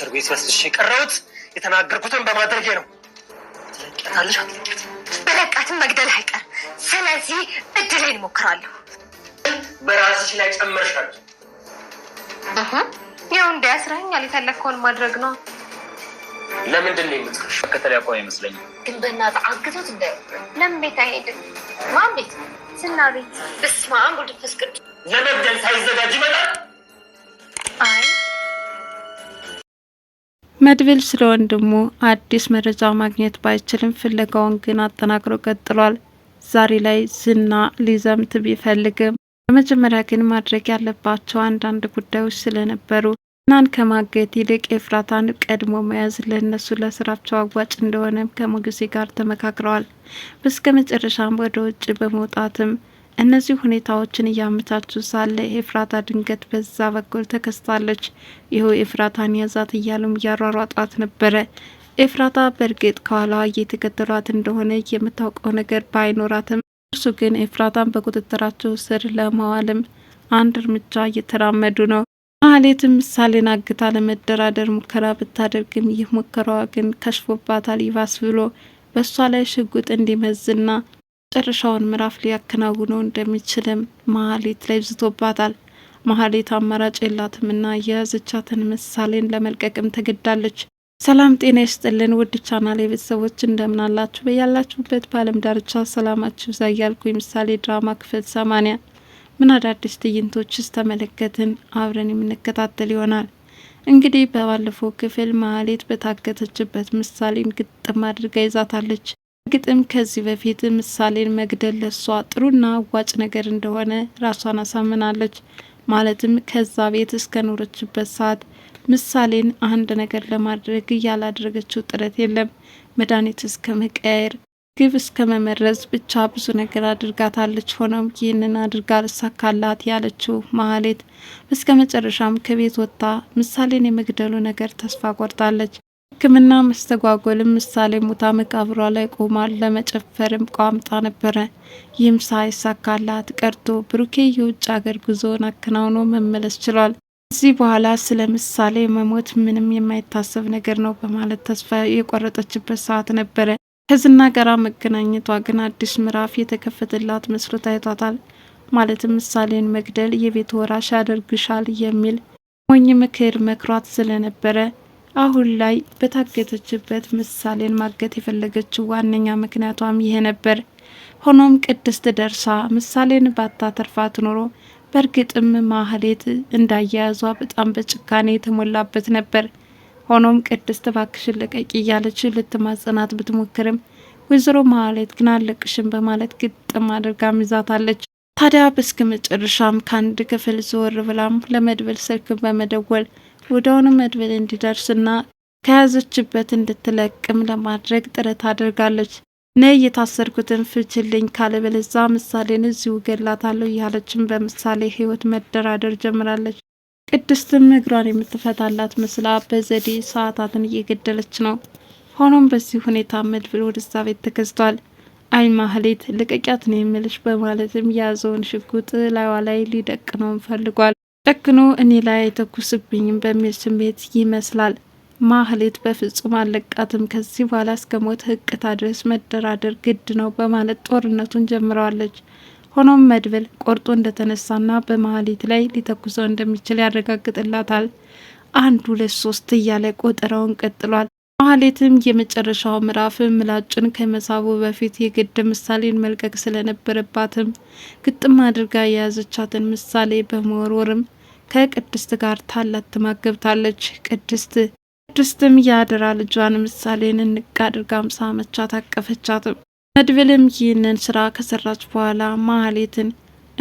እስር ቤት ወስድሽ የቀረሁት የተናገርኩትን በማድረጌ ነው። ትለቂያታለሽ፣ አትለቂያት። በለቃትም መግደል አይቀር። ስለዚህ እድሌን እሞክራለሁ። በራስሽ ላይ ጨመርሻል። ያው እንዳያስረኛል የተለከውን ማድረግ ነው። ለምንድን ነው የምትሽ ከተለያ እኮ ይመስለኛል። ግን በእናትህ አግቶት እንደ ለምን ቤት አይሄድም? ማን ቤት? ዝና ቤት። በስመ አብ ወወልድ ለመግደል ሳይዘጋጅ ይመጣል። አይ መድብል ስለ ወንድሙ አዲስ መረጃ ማግኘት ባይችልም ፍለጋውን ግን አጠናክሮ ቀጥሏል። ዛሬ ላይ ዝና ሊዘምት ቢፈልግም በመጀመሪያ ግን ማድረግ ያለባቸው አንዳንድ ጉዳዮች ስለነበሩ ዝናን ከማገት ይልቅ ኤፍራታን ቀድሞ መያዝ ለእነሱ ለስራቸው አዋጭ እንደሆነም ከሞገሴ ጋር ተመካክረዋል። በስከ መጨረሻም ወደ ውጭ በመውጣትም እነዚህ ሁኔታዎችን እያመቻቹ ሳለ ኤፍራታ ድንገት በዛ በኩል ተከስታለች። ይኸው ኤፍራታን ያዛት እያሉም እያሯሯጧት ነበረ። ኤፍራታ በእርግጥ ከኋላዋ እየተከተሏት እንደሆነ የምታውቀው ነገር ባይኖራትም እርሱ ግን ኤፍራታን በቁጥጥራቸው ስር ለማዋልም አንድ እርምጃ እየተራመዱ ነው። ማህሌትም ምሳሌን አግታ ለመደራደር ሙከራ ብታደርግም ይህ ሙከራዋ ግን ከሽፎባታል። ይባስ ብሎ በእሷ ላይ ሽጉጥ እንዲመዝና መጨረሻውን ምዕራፍ ሊያከናውነው እንደሚችልም መሀሌት ላይ ብዝቶባታል። መሀሌት አማራጭ ና የያዘቻትን ምሳሌን ለመልቀቅም ተገዳለች። ሰላም ጤና ይስጥልን ውድ ቻናሌ ቤተሰቦች እንደምን አላችሁ? በያላችሁበት በዓለም ዳርቻ ሰላማችሁ ይብዛ እያልኩ የምሳሌ ድራማ ክፍል ሰማኒያ ምን አዳዲስ ትዕይንቶችስ ተመለከትን አብረን የምንከታተል ይሆናል። እንግዲህ በባለፈው ክፍል መሀሌት በታገተችበት ምሳሌን ግጥም አድርጋ ይዛታለች። ግጥም ከዚህ በፊት ምሳሌን መግደል ለሷ ጥሩና አዋጭ ነገር እንደሆነ ራሷን አሳምናለች። ማለትም ከዛ ቤት እስከ ኖረችበት ሰዓት ምሳሌን አንድ ነገር ለማድረግ ያላደረገችው ጥረት የለም። መድኃኒት እስከ መቀያየር፣ ግብ እስከ መመረዝ፣ ብቻ ብዙ ነገር አድርጋታለች። ሆኖም ይህንን አድርጋ ልሳካላት ያለችው ማህሌት እስከ መጨረሻም ከቤት ወጥታ ምሳሌን የመግደሉ ነገር ተስፋ ቆርጣለች። የሕክምና መስተጓጎልም ምሳሌ ሙታ መቃብሯ ላይ ቆማል ለመጨፈርም ቋምጣ ነበረ። ይህም ሳይሳካላት ቀርቶ ብሩኬ የውጭ ሀገር ጉዞውን አከናውኖ መመለስ ችሏል። እዚህ በኋላ ስለ ምሳሌ መሞት ምንም የማይታሰብ ነገር ነው በማለት ተስፋ የቆረጠችበት ሰዓት ነበረ። ከዝና ጋራ መገናኘቷ ግን አዲስ ምዕራፍ የተከፈተላት መስሎ ታይቷታል። ማለትም ምሳሌን መግደል የቤት ወራሽ ያደርግሻል የሚል ሞኝ ምክር መክሯት ስለነበረ አሁን ላይ በታገተችበት ምሳሌን ማገት የፈለገችው ዋነኛ ምክንያቷም ይሄ ነበር። ሆኖም ቅድስት ደርሳ ምሳሌን ባታተርፋት ኖሮ በእርግጥም ማህሌት እንዳያያዟ በጣም በጭካኔ የተሞላበት ነበር። ሆኖም ቅድስት ባክሽን ልቀቂ እያለች ልትማጽናት ብትሞክርም ወይዘሮ ማህሌት ግን አለቅሽም በማለት ግጥም አድርጋ ይዛታለች። ታዲያ በስከ መጨረሻም ከአንድ ክፍል ዘወር ብላም ለመድብል ስልክ በመደወል ወደውን መድብል እንዲደርስና ከያዘችበት እንድትለቅም ለማድረግ ጥረት አድርጋለች። ነይ የታሰርኩትን ፍችልኝ ካለበለዛ ምሳሌን እዚሁ ገላታለሁ እያለችም በምሳሌ ሕይወት መደራደር ጀምራለች። ቅድስትም እግሯን የምትፈታላት መስላ በዘዴ ሰዓታትን እየገደለች ነው። ሆኖም በዚህ ሁኔታ መድብል ወደዛ ቤት ተከስቷል። አይ ማህሌት ልቀቂያት ነው የምልሽ በማለትም የያዘውን ሽጉጥ ላይዋ ላይ ሊደቅነውም ፈልጓል። ጨክኖ እኔ ላይ አይተኩስብኝም በሚል ስሜት ይመስላል። ማህሌት በፍጹም አለቃትም። ከዚህ በኋላ እስከ ሞት ህቅታ ድረስ መደራደር ግድ ነው በማለት ጦርነቱን ጀምረዋለች። ሆኖም መድብል ቆርጦ እንደተነሳና በማህሌት ላይ ሊተኩሰው እንደሚችል ያረጋግጥላታል። አንድ ሁለት ሶስት እያለ ቆጠራውን ቀጥሏል። ማህሌትም የመጨረሻው ምዕራፍ ምላጭን ከመሳቡ በፊት የግድ ምሳሌን መልቀቅ ስለነበረባትም ግጥም አድርጋ የያዘቻትን ምሳሌ በመወርወርም ከቅድስት ጋር ታላት ትማገብታለች ቅድስት ቅድስትም የአደራ ልጇን ምሳሌን እንቅ አድርጋ አምሳ አቀፈቻትም። መድብልም ይህንን ስራ ከሰራች በኋላ ማህሌትን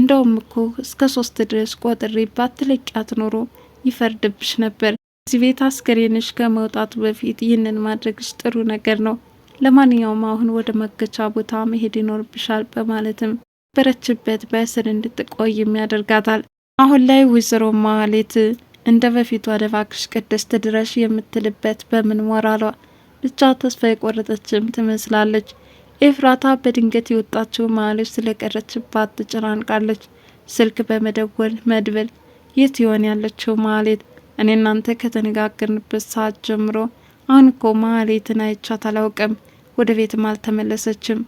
እንደውም እኮ እስከ ሶስት ድረስ ቆጥሬ ባትለቂያት ኖሮ ይፈርድብሽ ነበር እዚህ ቤት አስከሬንሽ ከመውጣቱ በፊት ይህንን ማድረግሽ ጥሩ ነገር ነው። ለማንኛውም አሁን ወደ መገቻ ቦታ መሄድ ይኖርብሻል በማለትም በረችበት በእስር እንድትቆይም ያደርጋታል። አሁን ላይ ወይዘሮ ማሌት እንደ በፊቱ አደባክሽ ቅድስት ድረሽ የምትልበት በምን ሞራሏ ብቻ ተስፋ የቆረጠችም ትመስላለች። ኤፍራታ በድንገት የወጣችው ማሌት ስለቀረችባት ትጨናንቃለች። ስልክ በመደወል መድብል የት ይሆን ያለችው ማሌት እኔ እናንተ ከተነጋገርንበት ሰዓት ጀምሮ አሁን እኮ ማህሌትን አይቻት አላውቅም። ወደ ቤትም አልተመለሰችም።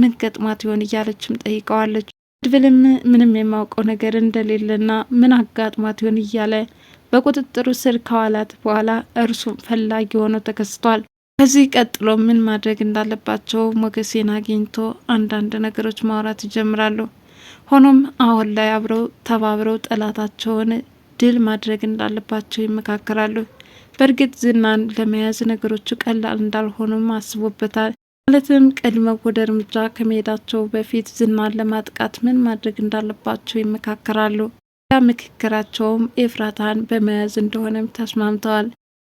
ምን ገጥማት ይሆን እያለችም ጠይቀዋለች። ድብልም ምንም የማውቀው ነገር እንደሌለና ምን አጋጥማት ይሆን እያለ በቁጥጥሩ ስር ከዋላት በኋላ እርሱም ፈላጊ ሆኖ ተከስቷል። ከዚህ ቀጥሎ ምን ማድረግ እንዳለባቸው ሞገሴን አግኝቶ አንዳንድ ነገሮች ማውራት ይጀምራሉ። ሆኖም አሁን ላይ አብረው ተባብረው ጠላታቸውን ድል ማድረግ እንዳለባቸው ይመካከራሉ። በእርግጥ ዝናን ለመያዝ ነገሮቹ ቀላል እንዳልሆኑም አስቦበታል። ማለትም ቀድመው ወደ እርምጃ ከመሄዳቸው በፊት ዝናን ለማጥቃት ምን ማድረግ እንዳለባቸው ይመካከራሉ። ያ ምክክራቸውም ኤፍራታን በመያዝ እንደሆነም ተስማምተዋል።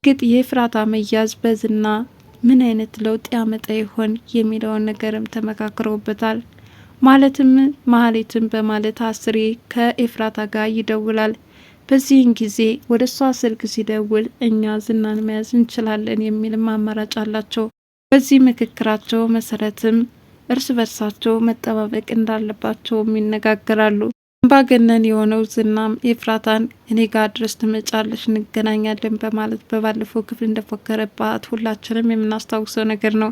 እርግጥ የኤፍራታ መያዝ በዝና ምን አይነት ለውጥ ያመጣ ይሆን የሚለውን ነገርም ተመካክረውበታል። ማለትም ማህሌትን በማለት አስሬ ከኤፍራታ ጋር ይደውላል። በዚህን ጊዜ ወደ እሷ ስልክ ሲደውል እኛ ዝናን መያዝ እንችላለን የሚልም አማራጭ አላቸው። በዚህ ምክክራቸው መሰረትም እርስ በርሳቸው መጠባበቅ እንዳለባቸውም ይነጋገራሉ። አምባገነን የሆነው ዝናም ኤፍራታን እኔ ጋር ድረስ ትመጫለሽ እንገናኛለን በማለት በባለፈው ክፍል እንደፎከረባት ሁላችንም የምናስታውሰው ነገር ነው።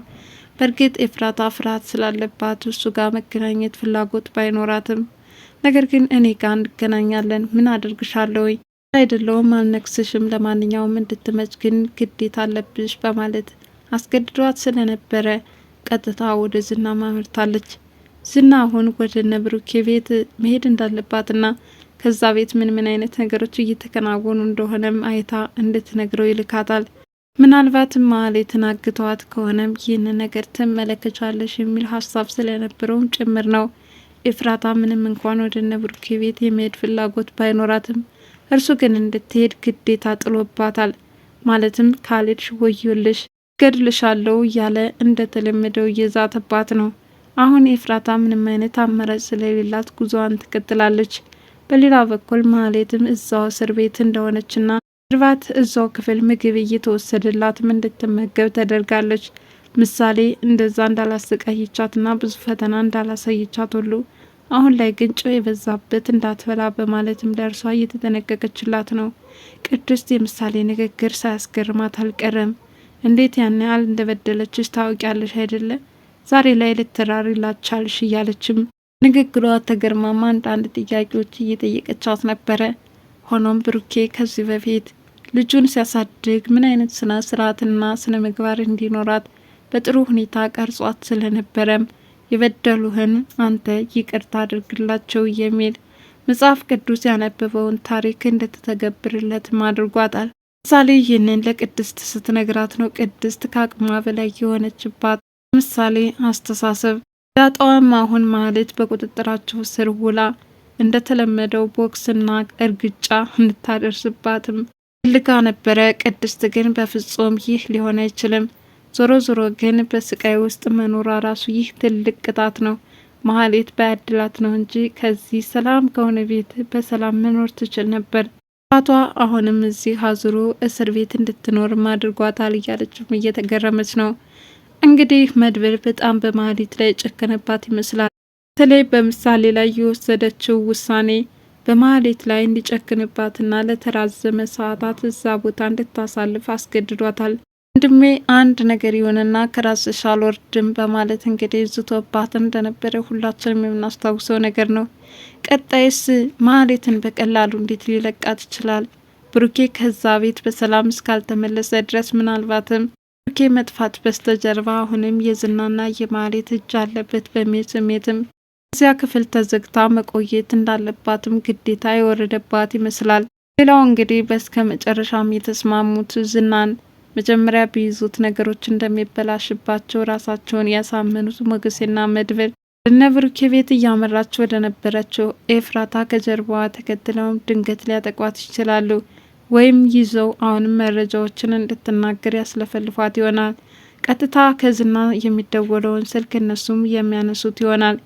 በእርግጥ ኤፍራታ ፍርሃት ስላለባት እሱ ጋር መገናኘት ፍላጎት ባይኖራትም ነገር ግን እኔ ጋር እንገናኛለን። ምን አድርግሻለሁ? አይደለውም አልነክስሽም። ለማንኛውም እንድትመጭ ግን ግዴታ አለብሽ በማለት አስገድዷት ስለነበረ ቀጥታ ወደ ዝና ማምርታለች። ዝና አሁን ወደ ነብሩኬ ቤት መሄድ እንዳለባትና ከዛ ቤት ምን ምን አይነት ነገሮች እየተከናወኑ እንደሆነም አይታ እንድትነግረው ይልካታል። ምናልባትም መሀል የተናግተዋት ከሆነም ይህን ነገር ትመለከቻለሽ የሚል ሀሳብ ስለነበረውም ጭምር ነው። ኤፍራታ ምንም እንኳን ወደ እነ ቤት የመሄድ ፍላጎት ባይኖራትም እርሱ ግን እንድትሄድ ግዴታ ጥሎባታል። ማለትም ካልሄድሽ ወዮልሽ ገድልሻለው እያለ እንደተለመደው እየዛተባት ነው። አሁን ኤፍራታ ምንም አይነት አማራጭ ስለሌላት ጉዞዋን ትቀጥላለች። በሌላ በኩል ማህሌትም እዛው እስር ቤት እንደሆነችና እርባት እዛው ክፍል ምግብ እየተወሰደላትም እንድትመገብ ተደርጋለች። ምሳሌ እንደዛ እንዳላሰቃይቻትና ብዙ ፈተና እንዳላሳይቻት ሁሉ አሁን ላይ ግን ጨው የበዛበት እንዳትበላ በማለትም ለእርሷ እየተጠነቀቀችላት ነው። ቅድስት የምሳሌ ንግግር ሳያስገርማት አልቀረም። እንዴት ያን ያህል እንደበደለችሽ ታውቂያለሽ አይደለ? ዛሬ ላይ ልትራሪላት ቻልሽ እያለችም ንግግሯ ተገርማማ አንዳንድ ጥያቄዎች እየጠየቀቻት ነበረ። ሆኖም ብሩኬ ከዚህ በፊት ልጁን ሲያሳድግ ምን አይነት ስነ ስርዓትና ስነ ምግባር እንዲኖራት በጥሩ ሁኔታ ቀርጿት ስለነበረም የበደሉህን አንተ ይቅርታ አድርግላቸው የሚል መጽሐፍ ቅዱስ ያነበበውን ታሪክ እንድትተገብርለትም አድርጓታል። ምሳሌ ይህንን ለቅድስት ስትነግራት ነው ቅድስት ከአቅሟ በላይ የሆነችባት ምሳሌ አስተሳሰብ ዳጣዋም አሁን ማህሌት በቁጥጥራቸው ስር ውላ እንደተለመደው ቦክስና እርግጫ እንድታደርስባትም ልጋ ነበረ። ቅድስት ግን በፍጹም ይህ ሊሆን አይችልም ዞሮ ዞሮ ግን በስቃይ ውስጥ መኖሯ ራሱ ይህ ትልቅ ቅጣት ነው። መሀሌት ባያድላት ነው እንጂ ከዚህ ሰላም ከሆነ ቤት በሰላም መኖር ትችል ነበር። አቷ አሁንም እዚህ አዙሮ እስር ቤት እንድትኖርም አድርጓታል እያለችም እየተገረመች ነው። እንግዲህ መድብል በጣም በመሀሌት ላይ ጨከነባት ይመስላል። በተለይ በምሳሌ ላይ የወሰደችው ውሳኔ በመሀሌት ላይ እንዲጨክንባትና ለተራዘመ ሰዓታት እዛ ቦታ እንድታሳልፍ አስገድዷታል። ወንድሜ አንድ ነገር ይሆንና ከራስሽ አልወርድም በማለት እንግዲህ ዝቶባት እንደነበረ ሁላችንም የምናስታውሰው ነገር ነው። ቀጣይስ ማህሌትን በቀላሉ እንዴት ሊለቃት ይችላል? ብሩኬ ከዛ ቤት በሰላም እስካልተመለሰ ድረስ ምናልባትም ብሩኬ መጥፋት በስተጀርባ አሁንም የዝናና የማህሌት እጅ አለበት በሚል ስሜትም እዚያ ክፍል ተዘግታ መቆየት እንዳለባትም ግዴታ የወረደባት ይመስላል። ሌላው እንግዲህ በስከ መጨረሻም የተስማሙት ዝናን መጀመሪያ ቢይዙት ነገሮች እንደሚበላሽባቸው ራሳቸውን ያሳመኑት ሞገሴና መድብል እነ ብሩኬ ቤት እያመራች ወደ ነበረችው ኤፍራታ ከጀርባዋ ተከትለውም ድንገት ሊያጠቋት ይችላሉ። ወይም ይዘው አሁንም መረጃዎችን እንድትናገር ያስለፈልፏት ይሆናል። ቀጥታ ከዝና የሚደወለውን ስልክ እነሱም የሚያነሱት ይሆናል።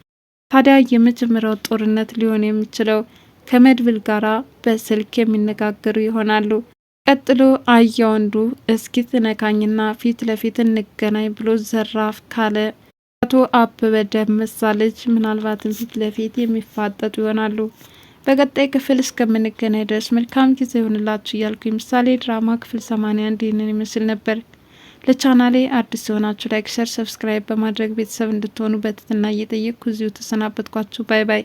ታዲያ የመጀመሪያው ጦርነት ሊሆን የሚችለው ከመድብል ጋራ በስልክ የሚነጋገሩ ይሆናሉ። ቀጥሎ አያ ወንዱ እስኪ ትነካኝና ፊት ለፊት እንገናኝ ብሎ ዘራፍ ካለ አቶ አበበ ደመሳ ልጅ ምናልባትም ፊት ለፊት የሚፋጠጡ ይሆናሉ። በቀጣይ ክፍል እስከምንገናኝ ድረስ መልካም ጊዜ ይሆንላችሁ እያልኩ የምሳሌ ድራማ ክፍል 81 ይህንን ይመስል ነበር። ለቻናሌ አዲስ የሆናችሁ ላይክ፣ ሸር፣ ሰብስክራይብ በማድረግ ቤተሰብ እንድትሆኑ በትህትና እየጠየቅኩ እዚሁ ተሰናበትኳችሁ። ባይ ባይ።